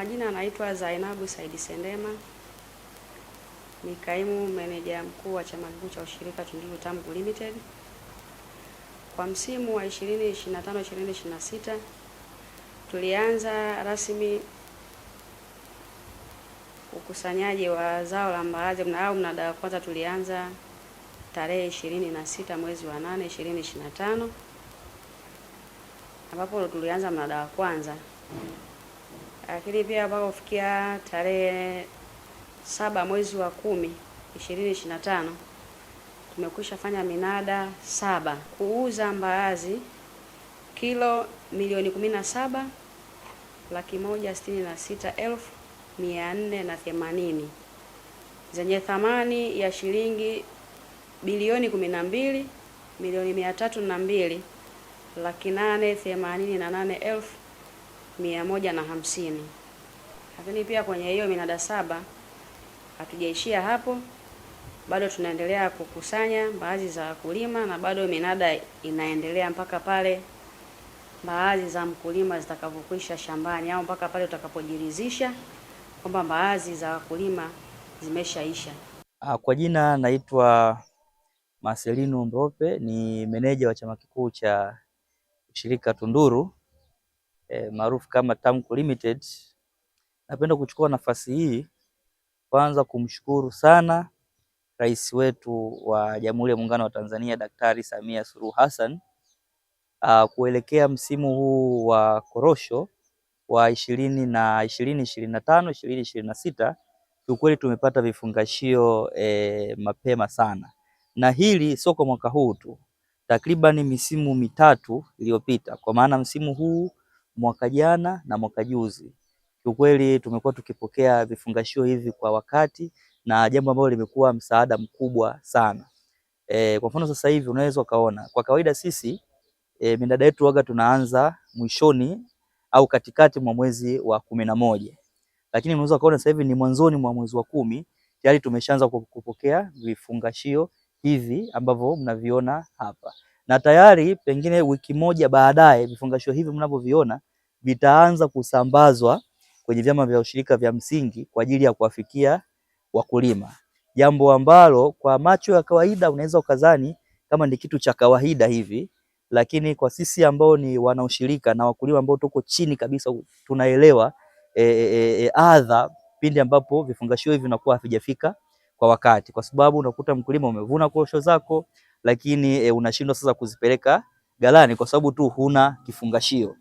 Majina anaitwa Zainabu Saidi Sendema, ni kaimu meneja mkuu wa chama kikuu cha ushirika Tunduru Tamku Limited. Kwa msimu wa 2025 2026 tulianza rasmi ukusanyaji wa zao la mbaazi au mnada wa kwanza tulianza tarehe 26 mwezi wa 8 2025, ambapo tulianza mnada wa kwanza lakini pia mpaka kufikia tarehe saba mwezi wa kumi ishirini ishirini na tano tumekwisha fanya minada saba kuuza mbaazi kilo milioni kumi na saba laki moja sitini na sita elfu mia nne na themanini zenye thamani ya shilingi bilioni kumi na mbili milioni mia tatu na mbili laki nane themanini na nane elfu mia moja na hamsini. Lakini pia kwenye hiyo minada saba hatujaishia hapo, bado tunaendelea kukusanya baadhi za wakulima na bado minada inaendelea mpaka pale mbaazi za mkulima zitakavyokwisha shambani au mpaka pale utakapojiridhisha kwamba mbaazi za wakulima zimeshaisha. Ah, kwa jina naitwa Marcelino Mrope, ni meneja wa chama kikuu cha ushirika Tunduru e, maarufu kama Tamko Limited. Napenda kuchukua nafasi hii kwanza kumshukuru sana rais wetu wa Jamhuri ya Muungano wa Tanzania Daktari Samia Suluhu Hassan ah, kuelekea msimu huu wa korosho wa ishirini na ishirini ishirini na tano ishirini ishirini na sita kiukweli tumepata vifungashio e, mapema sana, na hili sio kwa mwaka huu tu, takriban misimu mitatu iliyopita, kwa maana msimu huu mwaka jana na mwaka juzi. Kiukweli tumekuwa tukipokea vifungashio hivi kwa wakati na jambo ambalo limekuwa msaada mkubwa sana. E, kwa mfano sasa hivi unaweza ukaona kwa kawaida sisi e, minada yetu waga tunaanza mwishoni au katikati mwa mwezi wa kumi na moja, lakini unaweza ukaona sasa hivi ni mwanzoni mwa mwezi wa kumi tayari tumeshaanza kupokea vifungashio hivi ambavyo mnaviona hapa na tayari pengine wiki moja baadaye vifungashio hivi mnavyoviona vitaanza kusambazwa kwenye vyama vya ushirika vya msingi kwa ajili ya kuwafikia wakulima, jambo ambalo kwa macho ya kawaida unaweza ukazani kama ni kitu cha kawaida hivi, lakini kwa sisi ambao ni wanaushirika na wakulima ambao tuko chini kabisa tunaelewa e, e, e, adha pindi ambapo vifungashio hivi vinakuwa havijafika kwa wakati, kwa sababu unakuta mkulima umevuna korosho zako, lakini e, unashindwa sasa kuzipeleka galani kwa sababu tu huna kifungashio.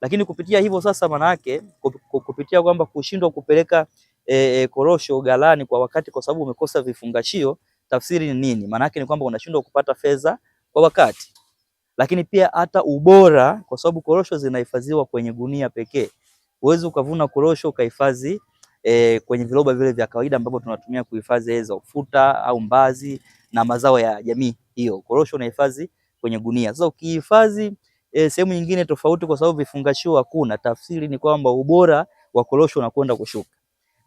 Lakini kupitia hivyo sasa, manake kupitia kwamba kushindwa kupeleka e, e, korosho galani kwa wakati kwa sababu umekosa vifungashio, tafsiri ni nini? Manake ni kwamba unashindwa kupata fedha kwa wakati, lakini pia hata ubora, kwa sababu korosho zinahifadhiwa kwenye gunia pekee. Huwezi ukavuna korosho ukahifadhi e, kwenye viroba vile vya kawaida ambavyo tunatumia kuhifadhi za ufuta au mbazi na mazao ya jamii hiyo. Korosho unahifadhi kwenye gunia. Sasa ukihifadhi e, sehemu nyingine tofauti, kwa sababu vifungashio hakuna, tafsiri ni kwamba ubora wa korosho unakwenda kushuka,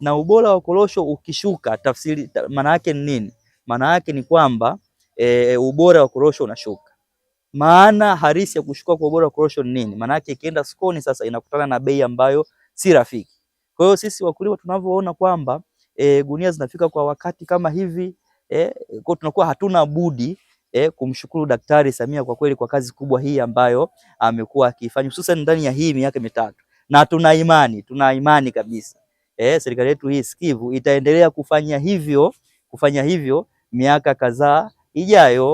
na ubora wa korosho ukishuka, tafsiri ta, maana yake ni nini? Maana yake ni kwamba e, ubora wa korosho unashuka. Maana harisi ya kushuka kwa ubora wa korosho ni nini? Maana yake ikienda sokoni sasa inakutana na bei ambayo si rafiki. Kwa hiyo sisi wakulima tunavyoona kwamba e, gunia zinafika kwa wakati kama hivi e, kwa tunakuwa hatuna budi e, kumshukuru Daktari Samia kwa kweli kwa kazi kubwa hii ambayo amekuwa akifanya hususan ndani ya hii miaka mitatu, na tuna imani tuna imani kabisa e, serikali yetu hii sikivu itaendelea kufanya hivyo kufanya hivyo miaka kadhaa ijayo.